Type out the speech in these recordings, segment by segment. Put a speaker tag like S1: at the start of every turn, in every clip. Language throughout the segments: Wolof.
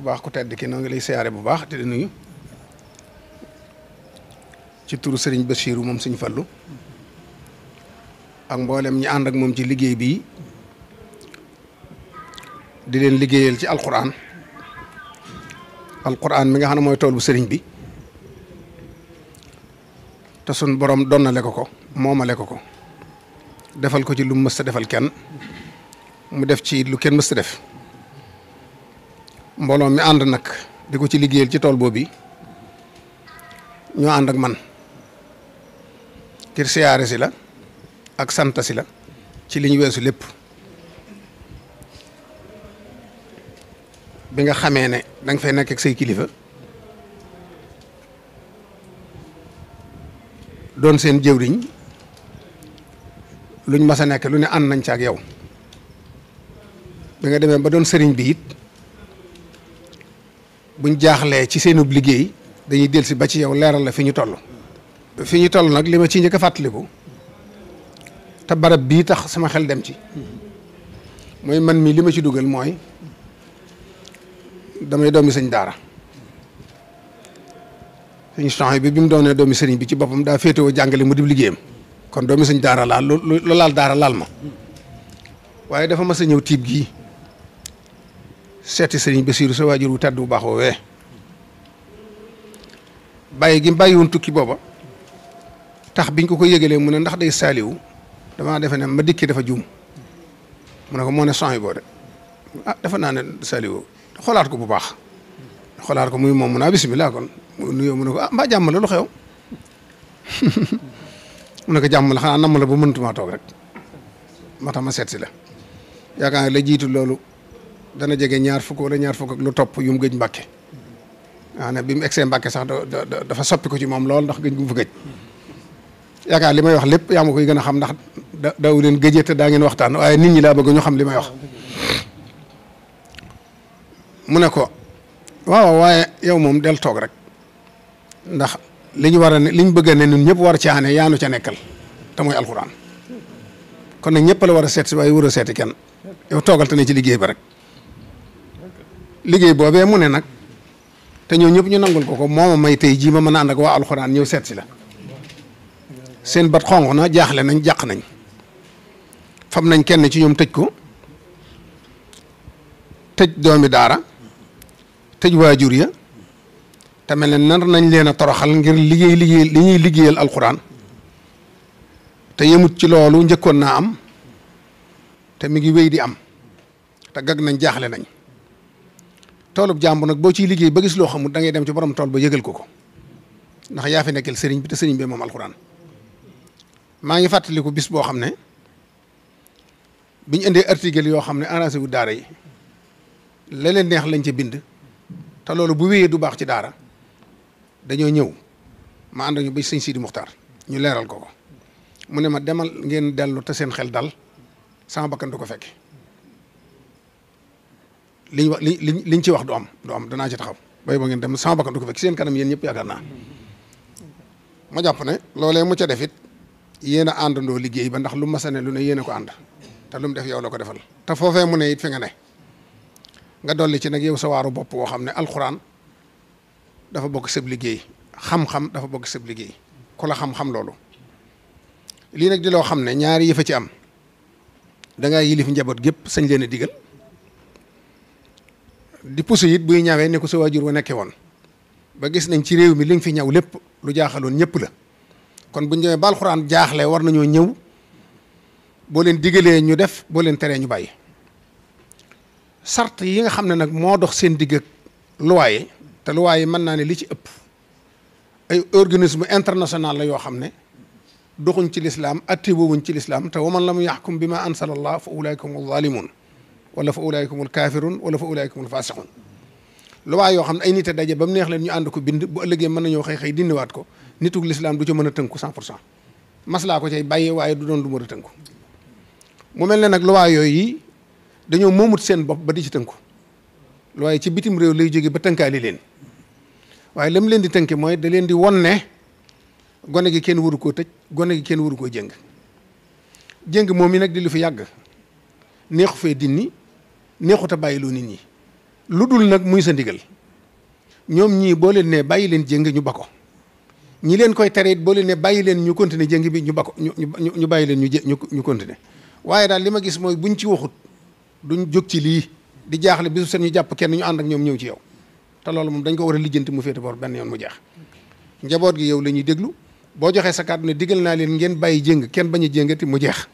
S1: ku baax ku tedd ki noo ngi lay siyaare bu baax te di nuyu ci turu Serigne Bassirou moom Serigne Fallou ak mboolem ñi ànd ak moom ci liggéey bi di leen liggéeyal ci alquran alquran mi nga xam ne mooy tool bu sëriñ bi te sunu borom donnale ko ko moomale ko ko defal ko ci lu mu mës defal kenn mu def ci lu kenn mës def. mbooloo mi ànd nag di ko ci liggéeyal ci tool boobu ñoo ànd ak man ngir siyaare si la ak sant si la ci li ñu weesu lépp bi nga xamee ne da nga fay nekk ak say kilifa doon seen jëwriñ luñ mas a nekk lu ne ànd nañ ci ak yow bi nga demee ba doon sëriñ bi it buñ jaaxlee ci seenub liggéey dañuy del si ba ci yow leeral la fi ñu toll fi ñu toll nag li ma ci njëkk a fàttaliku te barab bii tax sama xel dem ci mooy man mii li ma ci dugal mooy damay doomi sëñ daara sëñ change bi bi mu doonee doomi sëriñ bi ci boppam daa féetewoo jàngale mu di liggéeyam kon doomi sëñ daara laal lu laal daara laal ma waaye dafa mas a ñëw tiib gii seeti sëriñ Basiiru sa waajur wu tedd bu baax woowee bàyyi gi mu bàyyi tukki booba tax biñ ko ko yëgalee mu ne ndax day saaliwu damaa defe ne ma dikki dafa juum mu ne ko moo ne sang yi boo de ah dafa naa ne saaliwu xoolaat ko bu baax xoolaat ko muy moom mu naa ah, bisimilah kon mu ne ko ah mbaa jàmm la lu xew mu ne ko jàmm la xanaa namm la ba mëntumaa toog rek ma tax ma seet si la yaakaar la jiitu loolu dana jege ñaar fukk la ñaar fukk ak lu topp yu mu gëj mbàkke ah, maanaam bi mu egsee mbakke sax dafa soppi ko ci moom lool ndax gëj gu mu fa gëj yaakaar li may wax lépp yaa ma koy gën a xam ndax daaw leen gëjee te daa ngeen waxtaan waaye nit ñi laa bëgg ñu xam li may wax mu ne ko waaw waaye yow moom del toog rek ndax li ñu war a ne li ñu bëgg ne ñun ñëpp war ci aane nu ca nekkal te mooy alxuraan kon nag ñëpp la war a seet si waaye war seeti kenn yow toogal te ci liggéey ba rek liggéey boobee mu ne nag te ñoo ñëpp ñu nangul ko ko moo may tey jii ma mën a ànd ak waa alxuraan ñëw seet si la seen bat xonq na jaaxle nañ jàq nañ fam nañ kenn ci ñoom tëj ko tëj doomi daara tëj waajur ya te mel ne nar nañ leen a toroxal ngir liggéey liggéey li ñuy liggéeyal alxuraan te yemut ci loolu njëkkoon naa am te mi ngi wéy di am te gag nañ jaaxle nañ toolub jàmbu nag boo ciy liggéey ba gis loo xamul da ngay dem ci borom tool ba yëgal ko ko ndax yaa fi nekkal sëriñ bi te sëriñ bi moom alxuraan maa ngi fàttaliku bis boo xam ne bi ñu indee article yoo xam ne arrangé wu daara yi la leen neex lañ ci bind te loolu bu wéyee du baax ci daara dañoo ñëw ma ànd ñu ba sëñ Sidi Muxtaar ñu leeral ko ko mu ne ma demal ngeen dellu te seen xel dal sama bakkan ko fekke liñ wax li liñ liñ ci wax du am du am danaa ci taxaw bay ba ngeen dem sama bakkan du ko fekk seen kanam yéen ñëpp yaakaar naa ma jàpp ne loolee mu ca def it yéen a àndandoo liggéey ba ndax lu ma ne lu ne yéen ko ànd te lu mu def yow la ko defal te foofee mu ne it fi nga ne nga dolli ci nag yow sa waaru bopp boo xam ne alxuraan dafa bokk sëb liggéey xam-xam dafa bokk sëb liggéey ku la xam-xam loolu lii nag di loo xam ne ñaari yëfa ci am da ngaa yilif njaboot gépp sañ leen a di puso it buy ñawee ni ko sa waajur wa nekkee woon ba gis nañ ci réew mi li nga fi ñaw lépp lu jaaxaloon ñëpp la kon bu ñu demee ba alxuraan jaaxle war nañoo ñëw boo leen digalee ñu def boo leen teree ñu bàyyi sart yi nga xam ne nag moo dox seen digg ak luwaaye te luwaaye mën naa ne li ci ëpp ay organisme international la yoo xam ne doxuñ ci lislaam atte woowuñ ci lislaam te man la mu yaxkum bi ma ansala allah fa ulaika humu zalimun wala fa ulaayikumul kaafirun wala fa ulaayikumul faasiqun luwaa yoo xam ne ay nit a daje ba mu neex leen ñu ànd ko bind bu ëllëgee mën nañoo xëy xëy dindiwaat ko nituk lislaam du ca mën a tënku cent pour cent maslaa ko cay bàyyee waaye du doon lu mën a tënku mel ne nag luwaa yooyu dañoo moomut seen bopp ba di ci tënku luwaa ci bitim réew lay jóge ba tënkaali leen waaye lam leen di tënke mooy da leen di won ne gone gi kenn waru koo tëj gone gi kenn waru koo jëng jëng moom mi nag di lu fi yàgg neexu fee dindi neexut a bàyyiloo nit ñi lu dul nag muy sa ndigal ñoom ñii boo leen ne bàyyi leen jéng ñu bakko ko ñi leen koy tere it boo leen ne bàyyi leen ñu continuer jéng bi ñu bakko ñu ñu ñu bàyyi leen ñu jé ñu continuer waaye daal li ma gis mooy buñ ci waxut duñ jóg ci lii di jaaxle bisu seen ñu jàpp kenn ñu ànd ak ñoom ñëw ci yow te loolu moom dañ ko war a lijjanti mu féete boor benn yoon mu jeex njaboot gi yow la ñuy déglu boo joxee sa kàddu ne digal naa leen ngeen bàyyi jéng kenn bañ a jéngati mu jeex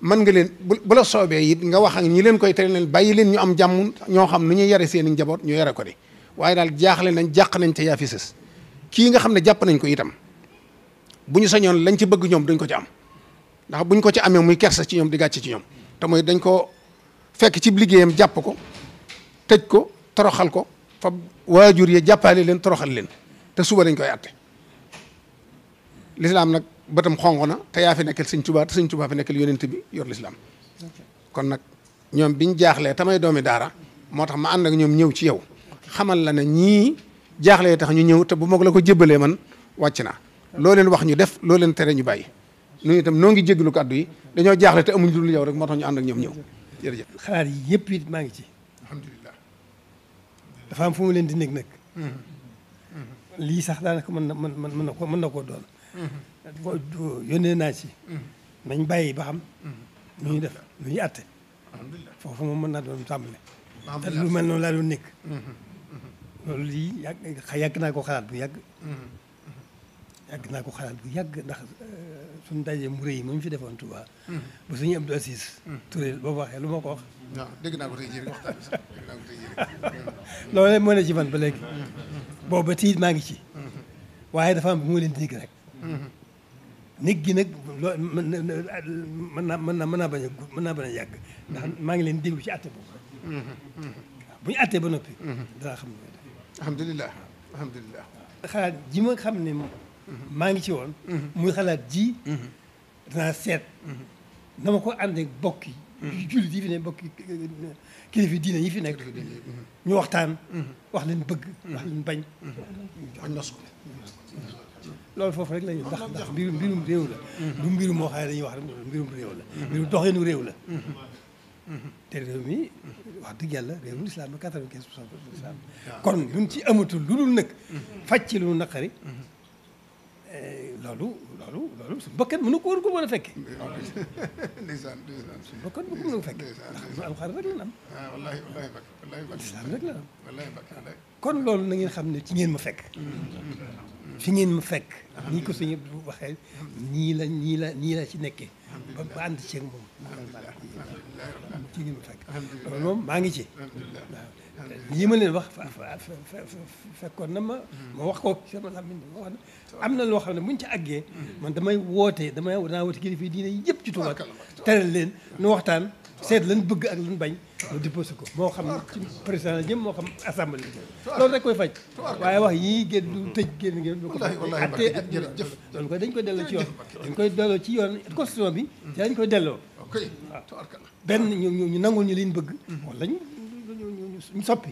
S1: mën nga leen bu la soobee it nga wax ak ñi leen koy tere leen bàyyi leen ñu am jàmm ñoo xam nu ñuy yare seen i njaboot ñu yare ko de waaye daal jaaxle nañ jàq nañ te yaa fi sës kii nga xam ne jàpp nañ ko itam bu ñu sañoon lañ ci bëgg ñoom dañ ko ci am ndax buñ ko ci amee muy kersa ci ñoom di gàcce ci ñoom te mooy dañ ko fekk ci liggéeyam jàpp ko tëj ko toroxal ko fa waajur ya jàppale leen toroxal leen te suba dañ koy atte lislaam nag bëtam xonq na te yaa fi nekkal sëñ Tuubaa te sëñ Tuubaa fi nekkal yonent bi yor lislaam kon nag ñoom biñ jaaxlee tamay doomi daara moo tax ma ànd ak ñoom ñëw ci yow xamal la ne ñii jaaxlee tax ñu ñëw te bu moog la ko jébbalee man wàcc naa loo leen wax ñu def loo leen tere ñu bàyyi ñu itam noo ngi jéggalu kàddu yi dañoo jaaxle te amuñ lu yow rek moo tax ñu ànd ak ñoom ñëw jërëjëf.
S2: xalaat yi yëpp it maa ngi ci. alhamdulilah.
S1: dafa am fu mu leen di nekk nag. Mm-hmm.
S2: Mm-hmm. lii sax daanaka mën na mën na mën na koo mën na koo doon. Mm-hmm. yónnee naa ci. Mm. nañ bàyyi ba xam. nu mm. ñuy def nu ñuy atte. foofu moom mën na doon tàmbale. te lu mel noonu laa doon nekk. Mm-hmm. Mm-hmm. loolu lii yàgg yàgg naa ko xalaat bu yàgg. Mm-hmm. yàgg naa ko xalaat bu yàgg ndax euh, suñu daje mu rëy mu fi defoon Touba. ba suñu Abdou Assis. Touré boobu waxee lu ma ko wax.
S1: waaw dégg naa ko tey ci man ba léegi.
S2: boobu ba tiit maa ngi ci. waaye dafa am bu ma leen dégg néeg gi nag loo mën mën naa mën naa bañ a mën naa bañ a yàgg ndax maa ngi leen déglu ci àtte boobu bu ñu àttee ba noppi danaa xam ne alhamdulilah alhamdulilah xalaat ji ma xam ne maa ngi ci woon mm-hmm. muy xalaat ji mm-hmm. danaa seet mm-hmm. na ko ànd ak yi jullit yi fi mbokk kilifa diine yi fi nekk mhm. ñu waxtaan mhm. wax leen bëgg wax leen bañ wax mhm. nos foofu rek la ñu ndax ndax mbirum mbirum réew la du mbirum moo xam ne dañuy wax rek mbirum réew la mbirum doxeenu réew la te réew mi wax dëgg yàlla réew mi islam ba quatre vingt ci amatul lu dul nag faj ci lu naqari Eh, loolu loolu loolu su mbokkat mënu ko war ko mën a fekke ndeysaan ndeysaan su mbokkat bu ko mën a fekke ndax alxuraan rek la am
S1: ah, wallaahi wallaahi bak wallaahi bak islam
S2: kon loolu na ngeen xam ne ci ngeen mu fekk fi ngeen mu fekk nii ko suñu waxee nii la nii la nii la ci nekkee ba ba ànd ceeg moom maa ngi ci yii ma leen wax fekkoon na ma. ma wax ko sama làmmiñ ma wax na am na loo xam ne mu buñ ci àggee. man damay woote damay danaa woote kilifa yi diine yëpp ci Tuuba teral leen nu waxtaan seet leen bëgg ak lan bañ. mu déposé ko moo xam ci président la jëm moo xam assemblée la jëm loolu rek koy faj. waaye wax yii génn du tëj génn génn du ko faj. wallaahi ak jërëjëf koy dañ koy delloo ci yoon. dañ koy delloo ci yoon constitution bi. dañ koy delloo. waaw benn ñu ñu nangul ñu liñ bëgg. wala ñu مصبي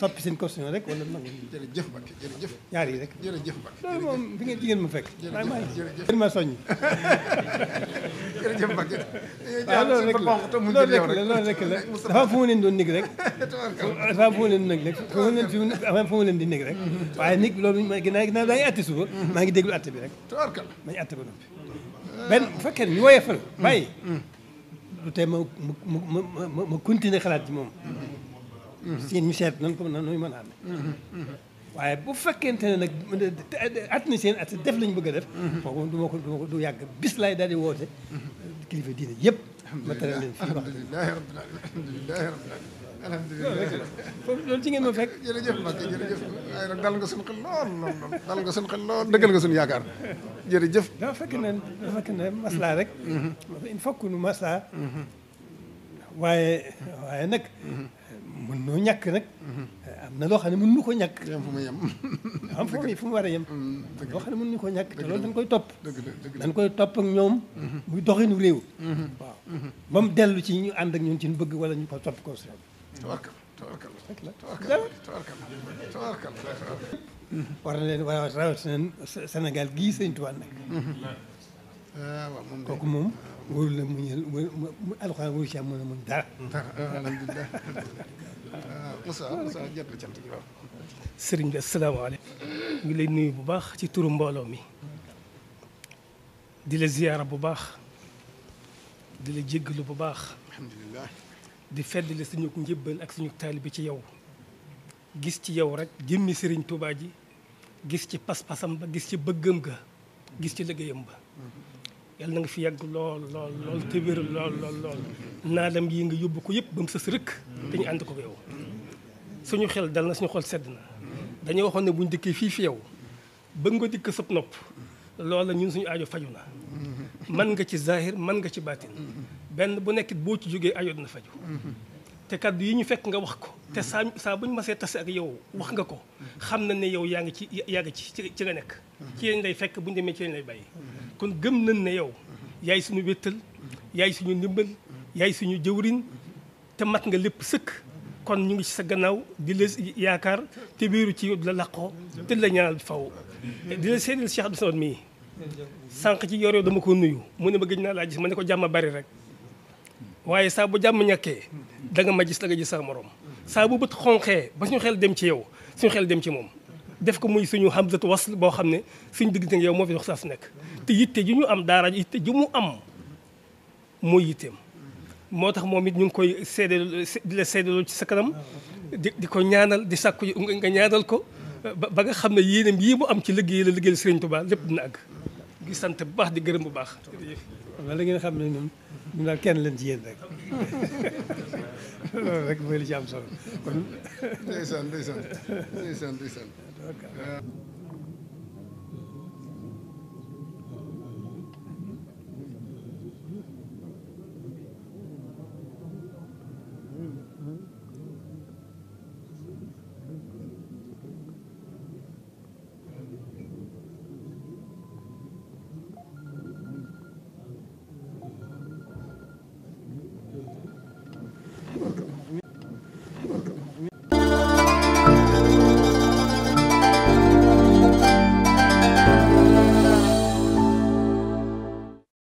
S2: صبي سين كوسين هذاك ولا لا جرجف بك جرجف يا ريتك جرجف بك المهم فين تجي المفك جرجف ما سوني
S1: جرجف بك آه، لا لا لا لا لا
S2: لا لا لا فون اندو نيكريك فون اندو نيكريك فون اندو نيكريك فون اندو نيكريك واي نيك لو ما كناك نا داي اتي سو ما كي ديغلو اتي بيك توركل ما اتي بن فكر ني ويفل باي وتا ما ما كنت داخل على الدموم سين مشات ننقم ننوي من عندنا واي بوفك انت عطني سين اتدفلنج بقدر فقوم دو ما دو ياك بس لاي دادي ووتي كليفه دينا يب الحمد لله رب العالمين الحمد لله رب العالمين alhamdulilah loolu ci ngeen ma fekk. jërëjëf Mbacke jërëjëf dal nga suñu xel lool dal nga suñu xel lool dëggal nga suñu yaakaar jërëjëf. dafa fekk ne dafa fekk rek. Mhm. il faut que nu maslaa. Mhm. waaye waaye nag. Mhm. mën noo ñàkk nag. am na loo xam nu ko ñàkk. yem fu mu yem. am foofu fu mu a mm, mën nu ko ñàkk te lool dañ koy topp. dañ koy topp ak ñoom. muy doxinu réew. waaw ba mu dellu ci ñu ànd ak ñun ci ñu bëgg wala ñu ko topp ko si tabarkal tabarkal tabarkal tabarkal war na leen waaw rawatina Sénégal gii sëñ Tuubaa nag waaw moom kooku moom wóorul la mu ñëw mu alxuraan wóorul ci am mën a mën dara alhamdulilah
S1: Moussa Moussa jot na cant gi waaw
S3: sëriñ bi asalaamaaleykum ñu ngi lay nuyu bu baax ci turu mbooloo mi di la ziyaara bu baax di la jéggalu bu baax alhamdulilah di feddali suñu njëbbal ak suñu taalibe ci yow gis ci yow rek jëmmi sëriñ Tuubaa ji gis ci pas-pasam ba gis ci bëggam ga gis ci liggéeyam ba yàlla na nga fi yàgg lool lool lool te wér lool lool naa dem yi nga yóbbu ko yëpp ba mu sës rëkk te ñu ànd ko yow suñu xel dal na suñu xol sedd na dañoo waxoon ne buñ dikkee fii fi yow bëgg nga dikk sëb nopp loola ñun suñu aajo faju na mm-hmm. man nga ci zahir man nga ci baatin benn bu nekk boo ci jógee ayoon na faju te kaddu yi ñu fekk nga wax ko te saa saa bu ñu masee tase ak yow wax nga ko xam na ne yow yaa ngi ci yaa ci ci nga nekk ci lañ lay fekk bu ñu demee ci kon gëm nañ ne yow yaay suñu wéttal yaay suñu ndimbal yaay suñu jëwrin te mat nga lépp sëkk kon ñu ngi ci sa gannaaw di la yaakaar te wéeru ci yow la làqoo te la ñaanal faw di la seedal Cheikh Abdou Samad mii sànq ci yor dama ko nuyu mu ne ma gëj naa laa gis ma ne ko jàmm bari rek waaye saa bu jàmm ñàkkee danga nga ma gis da nga gis sa morom saa bu bët xonqee ba suñu xel dem ci yow suñu xel dem ci moom def ko muy suñu hamzatu wasl boo xam ne suñu diggante yow moo fi dox saa su nekk te yitte ji ñu am daara yitte ji mu am mooy yitteem moo tax moom it ñu ngi koy seedeel di la seedeeloo ci sa kanam di di ko ñaanal di sàkku nga ñaanal ko ba nga xam ne yéenam yii mu am ci liggéey la liggéeyal Sëriñ Tuubaa lépp dina àgg. di sant bu baax di gërëm bu baax.
S2: wala ngeen xam ne ñu daal kenn leen ci yéen rek loolu rek mooy li ci am solo kon. ndeysaan ndeysaan ndeysaan ndeysaan